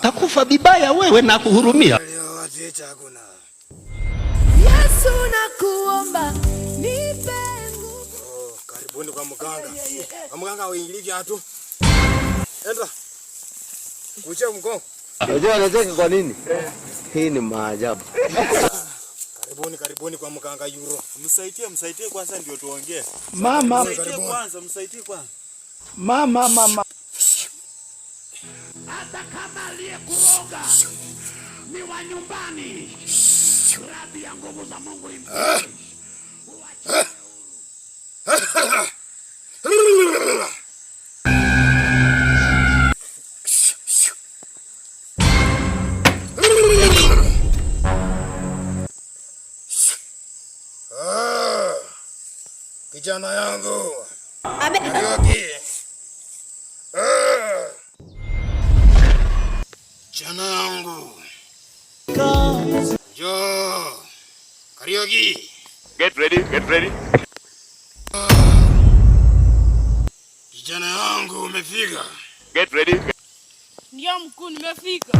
takufa bibaya wewe na kuhurumia. Yesu nakuomba nipe nguvu. Oh, karibuni kwa mganga. Kwa mganga uingilie watu. Enda. Kuche mko. Unajua anacheka kwa nini? Hii ni maajabu. Karibuni, karibuni kwa mganga Yuro. Msaidie, msaidie kwanza ndio tuongee. Mama, msaidie kwanza, msaidie kwanza. Mama, mama hata kama aliyekuroga ni wa nyumbani, radhi ya nguvu za Mungu ah. Ah. Ah. Kijana yangu Abe. Mwanangu jo Kariuki, get ready, get ready. Kijana wangu umefika? Get ready. Ndio mkuu, nimefika.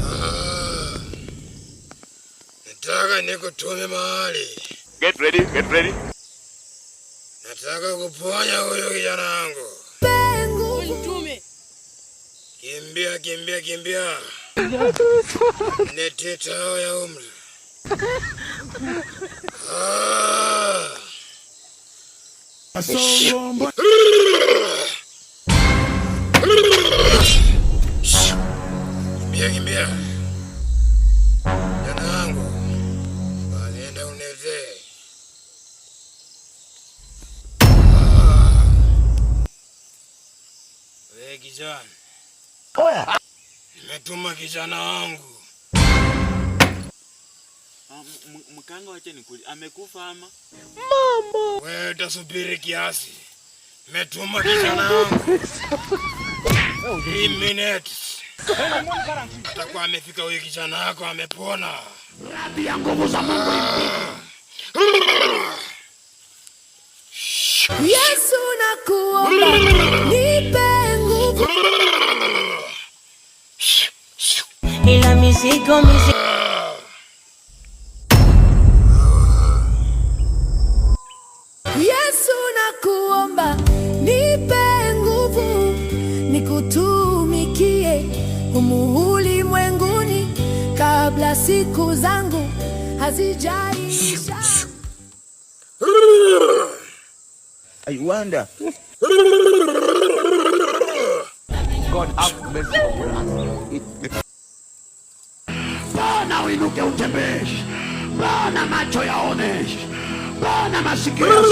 Ah, nataka nikutume mahali. Get ready, get ready. Nataka kuponya huyo kijana wangu. Nitume. Kimbia, kimbia, kimbia. Nete tao ya umri. Ah. Asombo. Kimbia, kimbia. Janangu. Walienda unezee. Ah. kijana. Oya. Nimetuma kijana wangu. Mkanga wache nikuli. Amekufa ama? Mama. Wewe utasubiri kiasi. Nimetuma kijana wangu. Minutes. Atakuwa amefika huyu kijana wako amepona. Radhi ya nguvu za Mungu. Ah. Yesu nakuomba. musique, en musique. Yesu nakuomba, nipe nguvu nikutumikie humu ulimwenguni kabla siku zangu hazijaisha uinuke utembee. Bwana macho yaone, Bwana masikio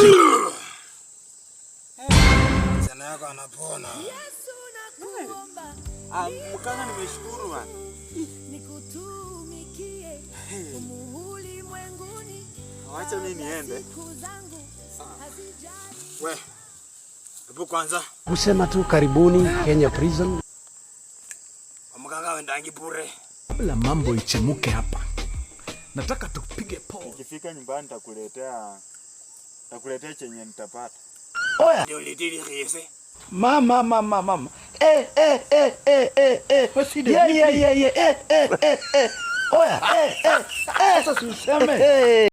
sana yako anapona. Yesu nakuomba. Ah, nimeshukuru bwana. Nikutumikie ulimwenguni. Wacha mimi niende. We. Hebu kwanza kusema tu karibuni Kenya Prison. Mkanga wendangi bure. Bila mambo ichemuke hapa, nataka tupige po. Nikifika nyumbani nitakuletea nitakuletea chenye nitapata. Oya. Ndio lidili Mama mama mama. Eh eh eh eh eh eh. Yeah yeah yeah yeah eh eh eh eh. Oya. Eh eh eh. Sasa Eh. eh.